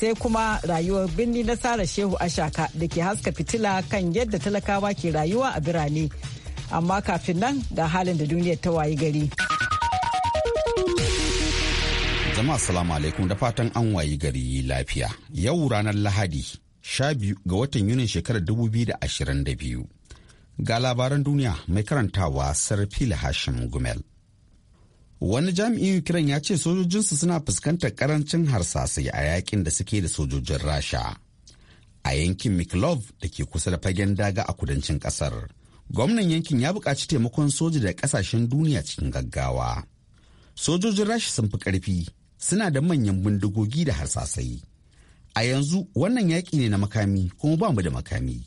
sai kuma rayuwar birni na Sara Shehu Ashaka da ke haska fitila kan yadda talakawa ke rayuwa a birane. Amma kafin nan ga halin da duniyar ta wayi gari. Jama'a salamu alaikum da fatan an wayi gari lafiya. Yau ranar Lahadi, sha biyu ga watan Yunin shekarar biyu. da da ashirin biyu Ga labaran duniya mai karantawa Sarfil Hashim Gumel. wani jami'in ukraine ya ce sojojinsu suna fuskantar karancin harsasai a yakin da suke da sojojin rasha a yankin miklov da ke kusa da fagen daga a kudancin kasar gwamnan yankin ya buƙaci taimakon soja da ƙasashen duniya cikin gaggawa sojojin rasha sun fi ƙarfi suna da manyan bindigogi da harsasai a yanzu wannan yaƙi ne na makami kuma ba mu da makami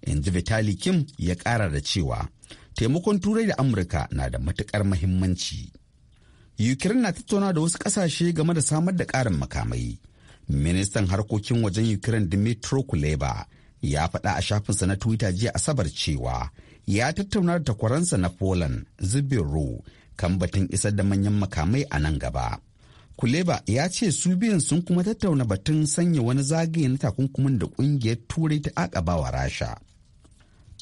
in ji vitali kim ya ƙara da cewa taimakon turai da amurka na da matuƙar mahimmanci Ukraine na tattauna da wasu ƙasashe game da samar da ƙarin makamai. Ministan harkokin wajen Ukraine Dmitry Kuleba ya faɗa a shafinsa na Twitter jiya Asabar cewa ya tattauna da takwaransa na Poland Zubin kan batun isar da manyan makamai a nan gaba. Kuleba ya ce su biyan sun kuma tattauna batun sanya wani zagaye na takunkumin da ƙungiyar turai ta akabawa rasha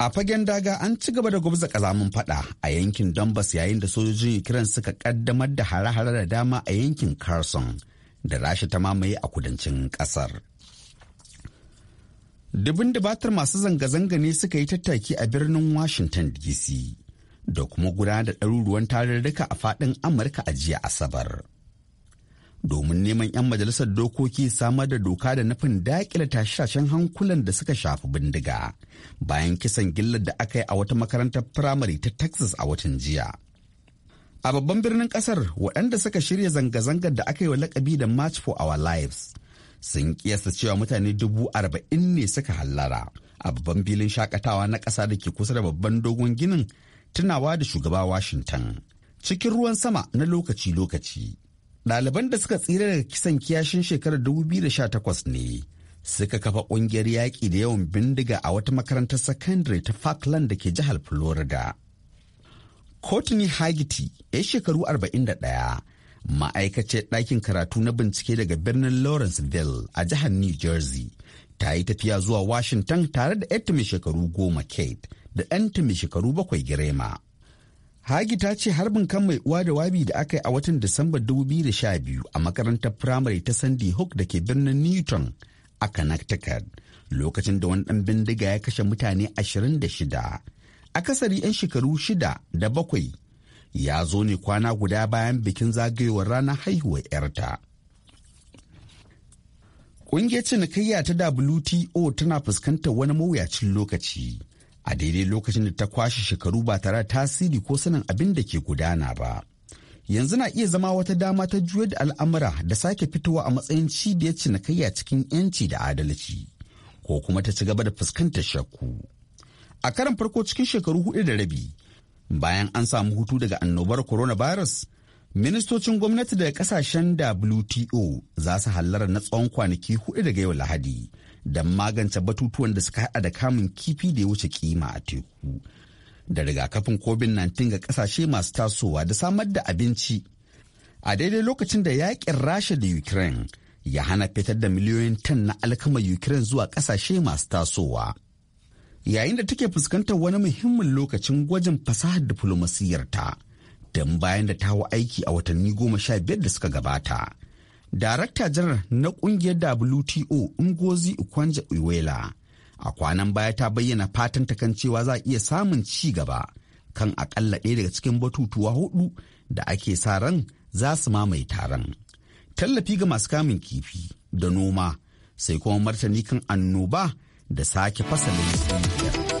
A fagen daga an ci gaba da gwabza kalamin fada a yankin Donbass yayin da sojojin Ukraine suka kaddamar da hare-hare da dama a yankin Kherson da rashi ta mamaye a kudancin kasar. Dubin dubatar masu zanga-zanga ne suka yi tattaki a birnin Washington DC da kuma gudanar da ɗaruruwan tarurruka a faɗin Amurka a jiya Asabar. domin neman 'yan majalisar dokoki samar da doka da nufin daƙila tashashen hankulan da suka shafi bindiga bayan kisan gillar da aka yi a wata makarantar firamare ta texas a watan jiya a babban birnin kasar waɗanda suka shirya zanga-zangar da aka yi wa lakabi da march for our lives sun kiyasta cewa mutane dubu arba'in ne suka hallara a babban filin shakatawa na ƙasa da ke kusa da babban dogon ginin tunawa da shugaba washington cikin ruwan sama na lokaci-lokaci Ɗaliban da suka tsira daga kisan kiyashin shekarar 2018 ne suka kafa ƙungiyar yaƙi da yawan bindiga a wata makarantar sakandare ta Falkland da ke jihar Florida. Courtney Hagiti, ya shekaru 41, ma'aikace ɗakin karatu na bincike daga birnin Lawrenceville a jihar New Jersey, ta yi tafiya zuwa Washington tare da 'yarta mai shekaru goma Kate da ɗanta mai shekaru bakwai Girema. Hagi ta ce harbin kan mai uwa da wabi da aka yi a watan Disamba 2012 a makarantar firamare ta Sandy Hook da ke birnin Newton a Connecticut lokacin da wani ɗan bindiga ya kashe mutane 26 akasari 'yan shekaru shida da bakwai ya zo ne kwana guda bayan bikin zagayowar ranar haihuwar 'yarta. Ƙungiyar cinikayya ta WTO tana fuskantar wani mawuyacin lokaci a daidai lokacin da ta kwashe shekaru ba tare da tasiri ko sanin abin da ke gudana ba. Yanzu na iya zama wata dama ta juyar da al'amura da sake fitowa a matsayin cibiyar cinikayya cikin 'yanci da adalci, ko kuma ta ci gaba da fuskantar shakku. A karan farko cikin shekaru hudu da rabi, bayan an samu hutu daga annobar coronavirus, ministocin gwamnati daga kasashen WTO za su hallara na tsawon kwanaki hudu daga yau Lahadi. don magance batutuwan da suka haɗa da kamun kifi da ya wuce kima a teku da rigakafin covid-19 ga kasashe masu tasowa da samar da abinci a daidai lokacin da yakin rasha da ukraine ya hana fitar da miliyoyin tan na alkama ukraine zuwa kasashe masu tasowa yayin da take fuskantar wani muhimmin lokacin gwajin fasahar diflomasiyarta don bayan da ta hau aiki a watanni goma sha biyar da suka gabata darakta janar na kungiyar wto ngozi ukwanja iwela a kwanan baya ta bayyana fatan ta kan cewa za a iya samun ci gaba kan akalla ɗaya daga cikin batutuwa hudu da ake sa ran za su mamaye taron tallafi ga masu kamun kifi da noma sai kuma martani kan annoba da sake fasalin kungiyar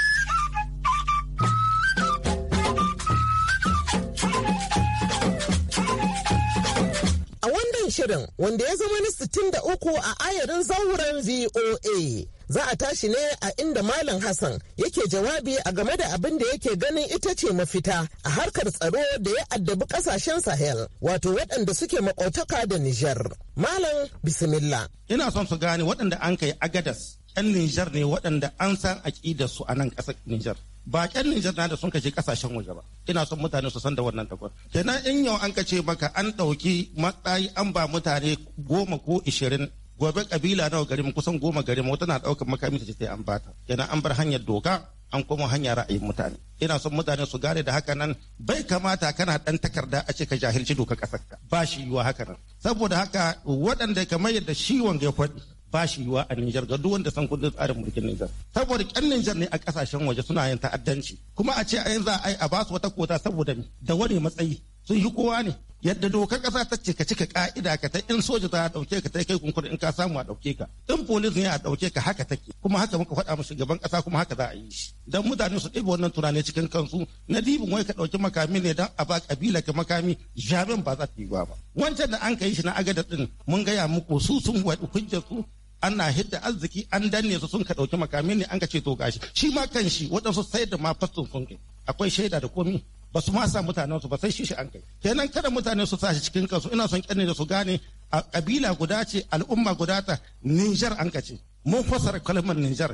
shirin wanda ya zama na 63 a ayarin zauren VOA. Za a tashi ne a inda Malam Hassan yake jawabi a game da abin da yake ganin ita ce mafita a harkar tsaro da ya addabi kasashen Sahel wato waɗanda suke makautaka da Nijar. Malam Bismillah. Ina son su gane waɗanda an kai Agadas 'yan Nijar ne waɗanda an san aƙidar su a nan ƙasar Nijar. Ba 'yan Nijar na da sun kashe ƙasashen waje ba. Ina son mutane su san da wannan takwas. Kenan in yau an kace maka an ɗauki matsayi an ba mutane goma ko ishirin gobe ƙabila nawa garin kusan goma gari wata na ɗaukar makami ta ce sai an bata. Kenan an bar hanyar doka an koma hanyar ra'ayin mutane ina son mutane su gane da haka nan bai kamata kana ɗan takarda a ce ka jahilci dokar ƙasar ka ba shi yiwa haka nan saboda haka waɗanda kamar yadda shi wanga ya faɗi ba shi yiwa a Nijar ga duk wanda san kundin tsarin mulkin Nijar. Saboda ƙyan Nijar ne a ƙasashen waje suna yin ta'addanci. Kuma a ce a yanzu a yi a basu wata kota saboda da wani matsayi sun yi kowa ne. Yadda dokar ƙasa ta ce ka cika ka'ida ka ta in soja za a ɗauke ka ta kai kunkuri in ka samu a ɗauke ka. In polis ne a ɗauke ka haka take. Kuma haka muka faɗa mu shugaban ƙasa kuma haka za a yi shi. Don mutane su ɗiba wannan tunani cikin kansu na dibin wai ka ɗauki makami ne dan a ba ƙabila ka makami jamin ba za ta yi ba. Wancan da an ka yi shi na agadar ɗin mun gaya muku su sun waɗi hujjar su ana hidda arziki an danne su sun ka dauki makamai ne an ka ce to gashi shi ma kan shi waɗansu sai da ma faston sun kai akwai shaida da komi ba su ma sa mutanen su ba sai shi shi an kai kenan kada mutane su sa shi cikin kansu ina son kyanne da su gane a kabila guda ce al'umma guda ta Niger an kace mun fasara kalmar Niger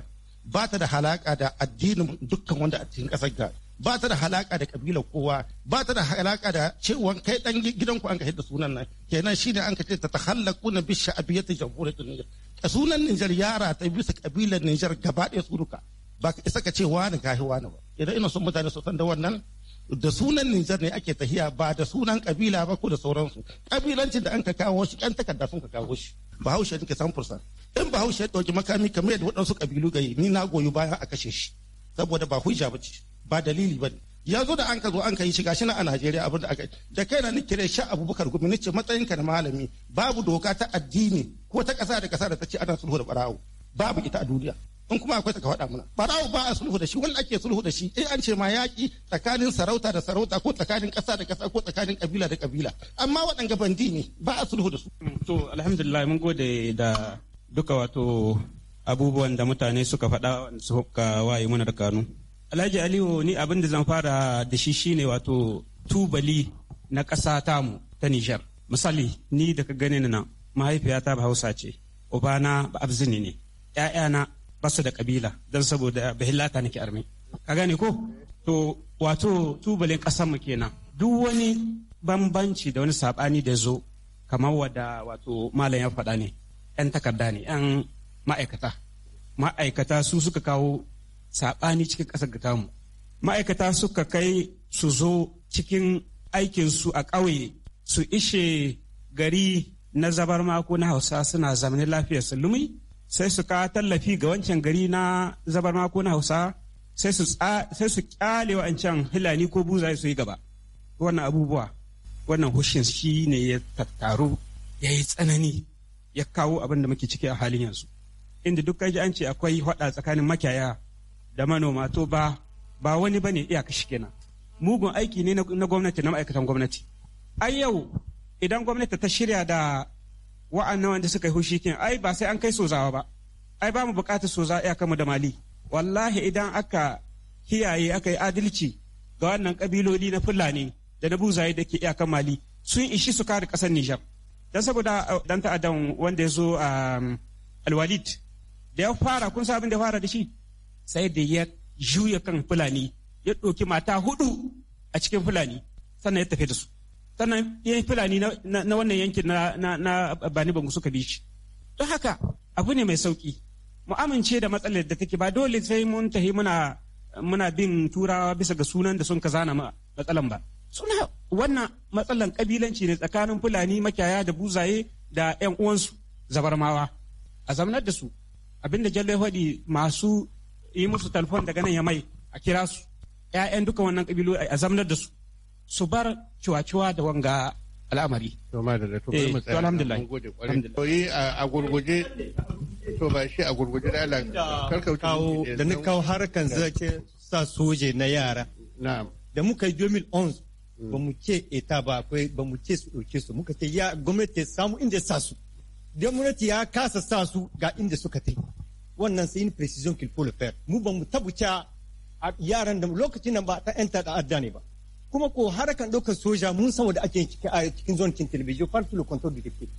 ba ta da halaka da addinin dukkan wanda a cikin kasar ga ba ta da halaka da kabilar kowa ba ta da halaka da cewa kai dan gidanku an ka hidda sunan nan kenan shi ne an ka ce ta tahallaquna bi sha'biyyati jamhuriyyat Niger sunan Nijar yara ta bisa kabilar Nijar gaba ɗaya su duka ba ka isa ka ce wani gahi wani ba idan ina son mutane su san da wannan da sunan Nijar ne ake tahiya ba da sunan kabila ba ko da sauransu kabilancin da an ka kawo shi ɗan takarda sun ka kawo shi bahaushe ne ke san fursa in bahaushe ya ɗauki makami kamar da waɗansu kabilu gayi ni na goyi bayan a kashe shi saboda ba hujja ba ce ba dalili ba ne ya zo da an ka zo an ka yi shiga shina a Najeriya abin da aka da kai na nikire sha Abubakar Gumi nace matsayinka na malami babu doka ta addini ko ta kasa da kasa da ta ce ana sulhu da barawo babu ita a duniya in kuma akwai ta ka faɗa mana barawo ba a sulhu da shi wanda ake sulhu da shi eh an ce ma yaƙi tsakanin sarauta da sarauta ko tsakanin ƙasa da ƙasa ko tsakanin ƙabila da ƙabila amma waɗanga bandi ne ba a sulhu da su. to alhamdulillah mun gode da duka wato abubuwan da mutane suka faɗa suka waye mana da kanu. Alhaji Aliyu ni abin da zan fara da shi shine wato tubali na ƙasa mu ta Nijar. Misali ni da ka gani nan mahaifiyata ba Hausa ce, ubana ba Abzini ne, ‘ya'yana ba su da kabila don saboda bahillata nake arme. Ka gane ko? To wato tubalin ƙasar mu kenan. Duk wani bambanci da wani saɓani da zo kamar wadda wato malam ya faɗa ne ‘yan takarda ne ‘yan ma'aikata. Ma'aikata su suka kawo saɓani cikin ƙasar da tamu ma'aikata suka kai su zo cikin aikinsu a ƙauye su ishe gari na zabar mako na hausa suna zamani lafiyar sulumi sai su ka tallafi ga wancan gari na zabar mako na hausa sai su kyale wancan hilani ko buza su yi gaba wannan abubuwa wannan hushin shi ne ya tattaru ya yi tsanani ya kawo abin da muke ciki a halin yanzu inda duk ji an ce akwai hada tsakanin makiyaya da manoma to ba ba wani bane iyaka shi kenan mugun aiki ne na gwamnati na ma'aikatan gwamnati ai yau idan gwamnati ta shirya da wa'annan wanda suka yi hushi kin ai ba sai an kai sozawa ba ai ba mu bukatar soza iyakanmu da mali wallahi idan aka kiyaye aka yi adalci ga wannan kabiloli na fulani da na buzaye da ke iyakan mali sun ishi su kare kasar nijar dan saboda uh, dan ta'adan wanda ya zo a um, alwalid da ya fara kun san abin da fara da shi sai da ya juya kan fulani ya ɗauki mata hudu a cikin fulani sannan ya tafi da su sannan ya fulani na wannan yankin na bani bangu suka bi shi don haka abu ne mai sauki mu amince da matsalar da take ba dole sai mun tahi muna muna bin turawa bisa ga sunan da sun ka zana matsalan ba suna wannan matsalan kabilanci ne tsakanin fulani makiyaya da buzaye da yan uwansu zabarmawa a zamanar da su abinda jalle masu yi musu talfon daga nan ya mai a kira su ƴaƴan duka wannan kabilu a zamanar da su su bar ciwa-ciwa da wanga al'amari. Eh, alhamdulillah. a gurguje to ba shi a gurguje da Allah da na kawo harkan zake sa soje na yara. Da muka yi 2011 mm. ba mu ce eta ba akwai ba mu ce su ɗauke su muka ce ya gwamnati samu inda sa su. Gwamnati ya kasa sa su ga inda suka tafi. wannan sai ni precision qu'il faut le faire mu ba mu tabuta yaran da lokacin nan ba ta yan ta'adda ne ba kuma ko harakan ɗaukar soja mun san wanda ake cikin zone kin television far le control du député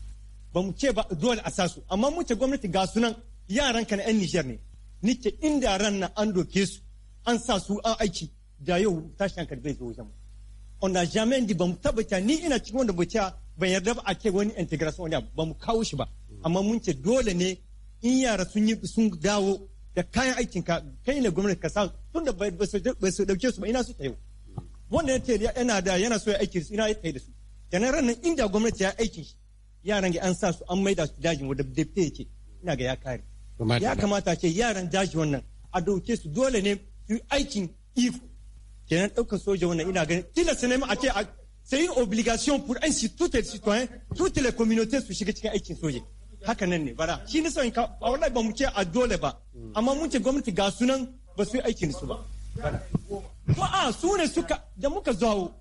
ba mu ce ba dole a sasu amma mu ce gwamnati ga sunan yaran ka na yan Niger ne ce inda ran nan an doke su an sa su a aiki da yau tashin kan bai zo wajen mu on a jamais dit ba mu tabbata ni ina cikin wanda bai ban yarda ba a ce wani integration wani ba mu kawo shi ba amma mun ce dole ne in yara sun yi sun dawo da kayan aikin ka kai ne gwamnati ka sa tun da bai su dauke su ba ina su tayo wannan ya ce yana da yana so ya aiki su ina ya tayi da su kenan ran nan inda gwamnati ya aikin shi yaran ga an sa su an maida su dajin wanda dafte yake ina ga ya kare ya kamata ce yaran daji wannan a dauke su dole ne su aikin iko kenan daukar soja wannan ina ganin tilasta ne a ce a une obligation pour un tout les citoyen, toutes les communautés su shiga cikin aikin soja. haka nan ne bara shi ne son a wallahi ba mu ce a dole ba amma mun ce gwamnati ga sunan ba su yi aikin su ba ko a su ne suka da muka zawo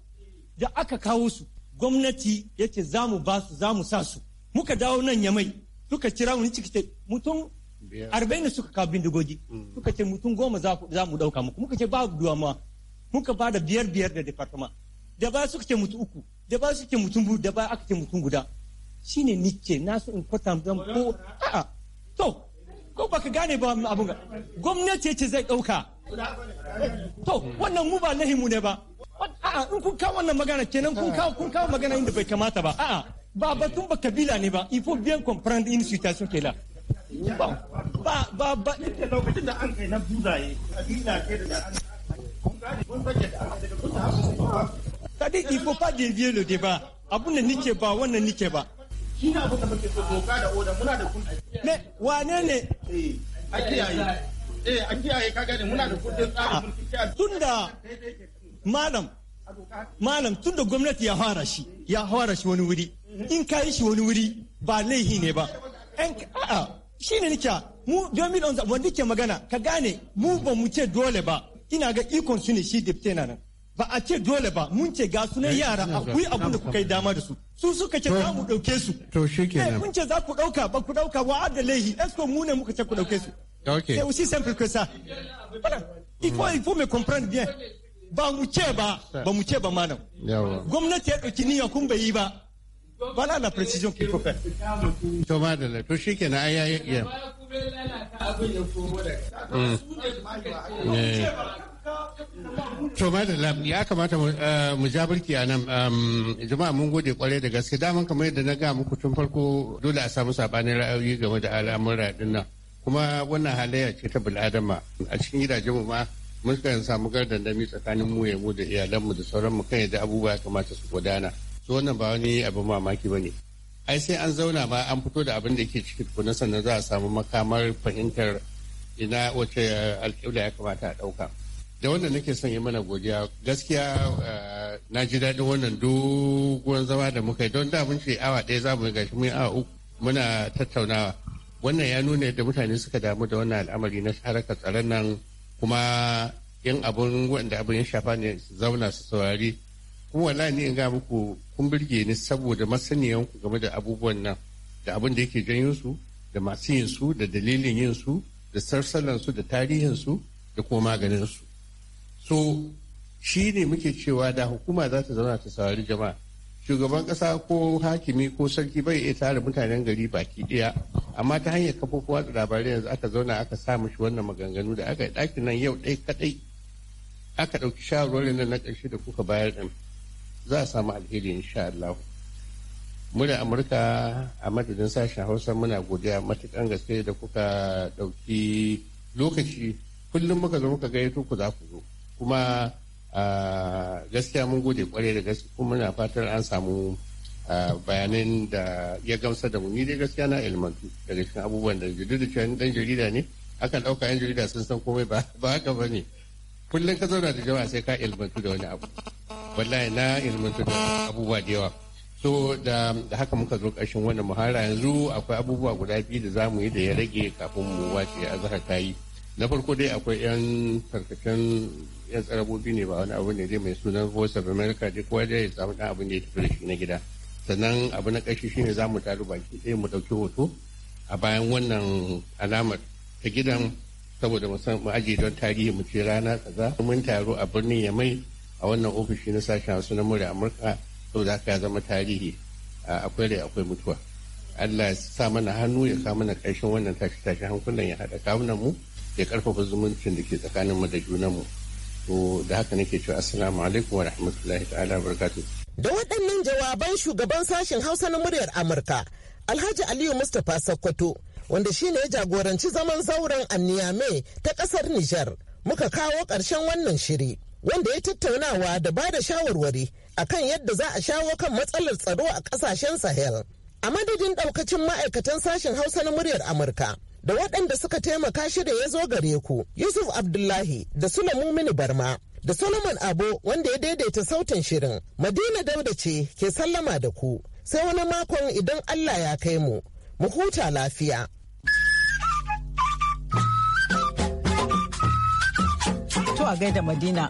da aka kawo su gwamnati yace za mu ba su za mu sa su muka dawo nan yamai suka kira mu ciki mutum arba'in suka kawo bindigogi mm. suka ce mutum goma za mu dauka muku muka ce ba duwa ma muka ba da biyar biyar da departama da ba suka ce mutu uku da ba suka ce mutum biyu da ba aka ce mutum guda shine nike na so in kwatanta ko a'a to ko baka gane ba abun gwamnati ce zai dauka to wannan mu ba lahimu ne ba a'a in kun kawo wannan magana kenan kun kawo kun kawo magana inda bai kamata ba a'a ba batun ba kabila ne ba il bien comprendre une situation qui est ba ba ba ba lokacin da an kai na buzaye kabila ce da an Tadi, il faut pas dévier le débat. nike ba wannan nike ba shi ne abin da muke so doka da oda muna da kun aiki. wane ne? Eh, a kiyaye eh a kiyaye ka gane muna da kundin tsarin mulki tunda malam malam tunda gwamnati ya fara shi ya fara shi wani wuri in ka yi shi wani wuri ba laihi ne ba. a'a shi ne nika mu 2011 wanda ke magana ka gane mu ba mu ce dole ba ina ga ikon su ne shi dipte na nan. ba a ce dole ba mun ce ga sunan yara akwai abin da kuka yi dama da su su suka ce za mu ɗauke su to shi nan Mun ce za ku ɗauka ba ku ɗauka wa da laihi esko mu ne muka ce ku ɗauke su c'est aussi simple que ça voilà il faut il faut me comprendre bien ba mu ce ba ba mu ce ba malam gwamnati ya ɗauki niyya kun bai yi ba voilà la précision qu'il faut faire to madalla to shi kenan ai ai ya abin ya To madalla ya kamata eh, mu ja birki a nan jama'a mun gode kwarai da gaske daman kamar yadda na ga muku tun farko dole a samu sabanin ra'ayoyi game da al'amura din nan kuma wannan halayya ce ta bil'adama a cikin gidajen mu ma mun kan samu gardandami tsakanin mu mu da iyalanmu da sauran mu kan yadda abubuwa ya kamata su gudana to wannan ba wani abin mamaki bane ai sai an zauna ba an fito da abin da ke ciki tukuna sannan za a samu makamar fahimtar ina wace eh, alƙibla ya kamata a ɗauka. da wannan nake son yi mana godiya gaskiya eh, na ji daɗin wannan doguwar zama da muka yi don da mun ce awa ɗaya za mu yi gashi mun awa uku muna tattaunawa wannan ya nuna yadda mutane suka damu da wannan al'amari na haraka tsaron nan kuma yan abun wanda abin ya shafa ne su zauna su saurari kuma wallahi ni in ga muku kun birge ni saboda masaniyan ku game da abubuwan nan da abin da yake janyo su da masu yin su da dalilin yin su da sarsalan su da tarihin su da kuma maganin su so shi ne muke cewa da hukuma za ta zauna ta saurari jama'a shugaban kasa ko hakimi ko sarki bai iya tare mutanen gari baki daya amma ta hanyar kafofin watsa labarai yanzu aka zauna aka sa mishi wannan maganganu da aka yi ɗakin nan yau ɗai kaɗai aka ɗauki shawarwarin nan na ƙarshe da kuka bayar ɗin za a samu alheri insha Allah. Muna Amurka a madadin sashen Hausa muna godiya matukan gaske da kuka ɗauki lokaci kullum muka zo muka gayyato ku za ku zo. kuma gaskiya mun gode kwarai da gaske kuma muna fatar an samu bayanan da ya gamsa da mu ni dai gaskiya na ilmantu daga cikin abubuwan da jirgin da cewa dan jarida ne akan ɗauka yan jarida sun san komai ba haka ba ne kullum ka zauna da jama'a sai ka ilmantu da wani abu wallahi na ilmantu da abubuwa da yawa so da haka muka zo ƙarshen wannan muhara yanzu akwai abubuwa guda biyu da za mu yi da ya rage kafin mu wace azhar ta yi na farko dai akwai 'yan karkashin 'yan tsarabobi ne ba wani abu ne dai mai sunan voice of america dai kowa dai ya samu dan abin da ya tafi da shi na gida sannan abu na ƙarshe shine za mu taru baki ɗaya mu ɗauki hoto a bayan wannan alamar ta gidan saboda mu san mu aje don tarihi mu ce rana kaza mun taro a birnin mai a wannan ofishi na sashen hausa na murya amurka saboda haka ya zama tarihi akwai da akwai mutuwa Allah ya sa mana hannu ya kawo mana ƙarshen wannan tashi tashi hankulan ya haɗa kawunan mu ya karfafa zumuncin da ke tsakanin mu da junanmu to da haka nake cewa assalamu alaikum wa rahmatullahi ta'ala barakatu da waɗannan jawaban shugaban sashen hausa na muryar amurka alhaji aliyu mustapha sakkwato wanda shine ya jagoranci zaman zauren anniyame ta ƙasar nijar muka kawo ƙarshen wannan shiri wanda ya tattaunawa da ba da shawarwari akan yadda za a shawo kan matsalar tsaro a ƙasashen sahel a madadin ɗaukacin ma'aikatan sashen hausa na muryar amurka da waɗanda suka taimaka shi da ya zo gare ku Yusuf Abdullahi da mumini Barma da Solomon Abo wanda ya daidaita sautin shirin. Madina Dauda ce ke sallama da ku sai wani makon idan Allah ya kai mu. Mu huta lafiya. To a gaida Madina.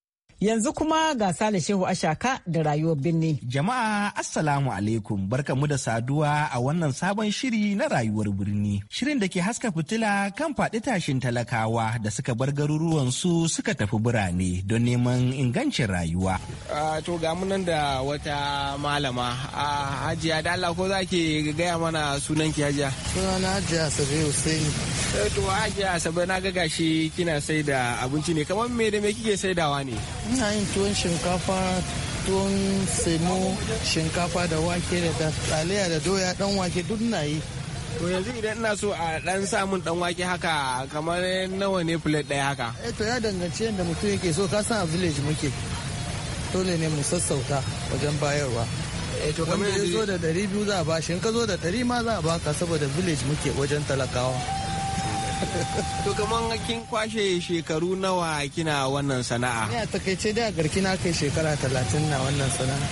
Yanzu kuma ga Sale Shehu Ashaka da rayuwar birni. Jama'a Assalamu alaikum barkamu da saduwa a wannan sabon shiri na rayuwar birni. Shirin da ke haska fitila kan faɗi tashin talakawa da suka bar garuruwan su suka tafi birane don neman ingancin rayuwa. to ga nan da wata malama a hajiya da Allah ko za gaya mana sunan ki hajiya. Sunan hajiya Sabi Hussein. Eh, to hajiya Sabi na ga gashi kina sai da abinci ne kamar me da me kike saidawa ne? ina yin tuwon shinkafa tuwon semo shinkafa da wake da taliya da doya dan wake duk na yi to yanzu idan ina so a dan samun dan wake haka kamar nawa ne plate daya haka eh to ya danganci yadda mutum yake so ka san a village muke dole ne mu sassauta wajen bayarwa eh to kamar yanzu zo da 200 za a bashi in ka zo da 100 ma za a baka saboda village muke wajen talakawa To kaman kin kwashe shekaru nawa kina wannan sana'a? Ni a takaice da garki na kai shekara talatin na wannan sana'a.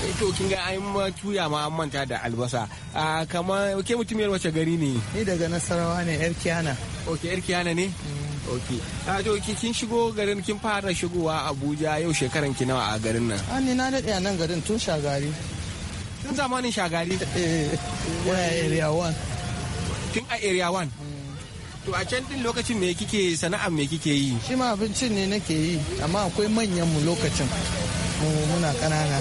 Eh, to kin ga an tuya ma an manta da albasa. A ah, kamar ke yar wace gari ne? Ni daga Nasarawa ne yar Kiyana. Ok yar Kiyana ne? Mm. Ok. A ah, to kin shigo garin kin fara shigowa Abuja yau shekaran ki nawa a garin nan? An ah, ni na daɗe a nan garin tun shagari. Tun zamanin shagari? Eh, eh, eh area 1. Tun a area 1? To a can din lokacin me kike sana'a me kike yi? Shi ma abincin ne nake yi amma akwai manyan mu lokacin mu muna ƙanana.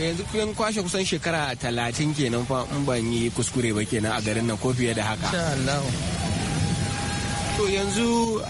yanzu kun kwashe kusan shekara talatin kenan fa in ban yi kuskure ba kenan a garin nan ko fiye da haka. Insha Allah. To yanzu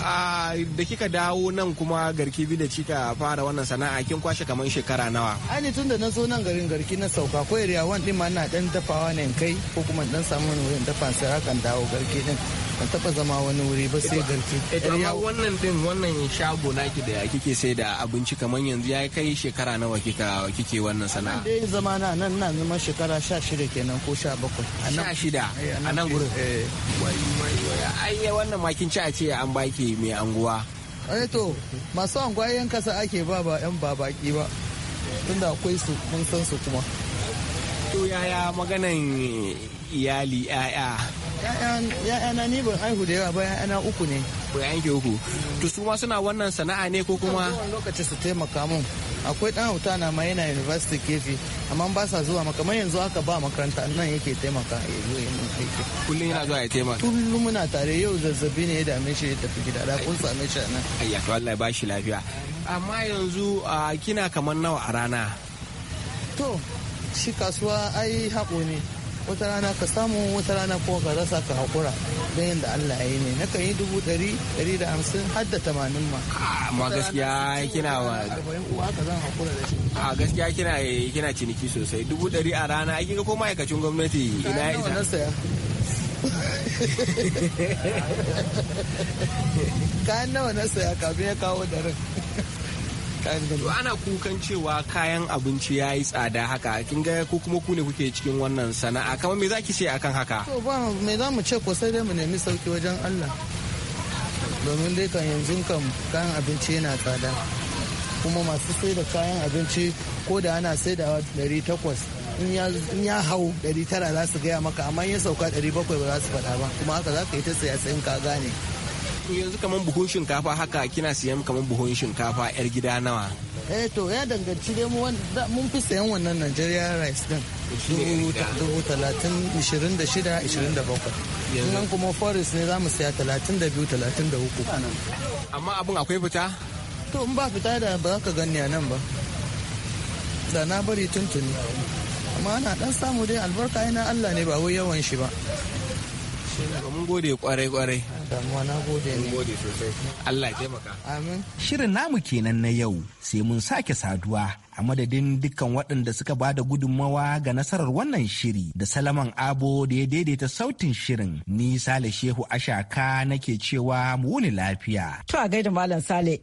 da kika dawo nan kuma garki bi da kika fara wannan sana'a kin kwashe kamar shekara nawa? Ani tun da na zo nan garin garki na sauka ko iriya wan din ma ina dan dafawa ne kai ko kuma dan samu wani wani dafa sai hakan dawo garki din. ban taba zama wani wuri ba sai garki eh, amma wannan din wannan shago naki da kike sai da abinci kamar yanzu ya kai shekara nawa kika kike wannan sana'a dai zama na nan na zama shekara 16 kenan ko 17 a shida a nan eh, gurin eh. wai wai wai ai wannan makin ci a ce an baki mai anguwa eh to masu anguwa yan kasa ake ba ba yan babaki ba tunda akwai su mun san su kuma To yaya maganan iyali yaya? Ya'yana ni ban haihu da yawa ba ya'yana uku ne. Ko ke uku. To su ma suna wannan sana'a ne ko kuma? Lokaci su taimaka mun. Akwai ɗan hauta na ma yana university kefi amma ba sa zuwa kamar yanzu haka ba makaranta nan yake taimaka ya zo ya mun aiki. Kullum yana zuwa ya taimaka. Kullum muna tare yau zazzabi ne ya dame shi ya tafi gida da kun same shi nan. Ayya to Allah ya ba shi lafiya. Amma yanzu ah, kina kamar nawa a rana? To shi kasuwa ai haƙo ne wata rana ka samu wata rana kuma ka rasa ka haƙura don yadda Allah ya yi ne na kan yi dubu ɗari ɗari da hamsin har da tamanin ma. amma gaskiya kina wa a gaskiya kina kina ciniki sosai dubu ɗari a rana ake ga ko ma'aikacin gwamnati ina ya isa. kayan nawa na saya kafin ya kawo ɗarin. ana kukan cewa kayan abinci ya yi tsada haka kin ga ko kuma ku ne kuke cikin wannan sana'a kamar me za ki ce akan haka to me za mu ce ko sai dai mu nemi sauki wajen Allah domin dai kan yanzu kan kayan abinci yana tsada kuma masu sai da kayan abinci ko da ana sai da 800 in ya hau 900 za su gaya maka amma in ya sauka 700 ba za su faɗa ba kuma haka za ka yi ta a sayan ka gane to yanzu kaman buhun shinkafa haka kina siyan kaman buhun shinkafa yar gida nawa eh to ya danganci dai mun fi sayan wannan Nigeria rice din dubu talatin ishirin da shida ishirin da bakwai nan kuma forest ne za mu saya talatin da biyu talatin da uku amma abin akwai fita to in ba fita da ba za ka gani a nan ba da na bari tuntuni amma ana dan samu dai albarka ina Allah ne ba wai yawan shi ba Mun gode kwarai kwarai. Damuwa na gode ne. gode sosai. Allah ya taimaka. Amin. Shirin namu kenan na yau sai mun sake saduwa a madadin dukkan waɗanda suka ba da gudunmawa ga nasarar wannan shiri da Salaman Abo da ya daidaita sautin shirin. Ni Sale Shehu Ashaka nake cewa mu wuni lafiya. To a gaida Malam Sale.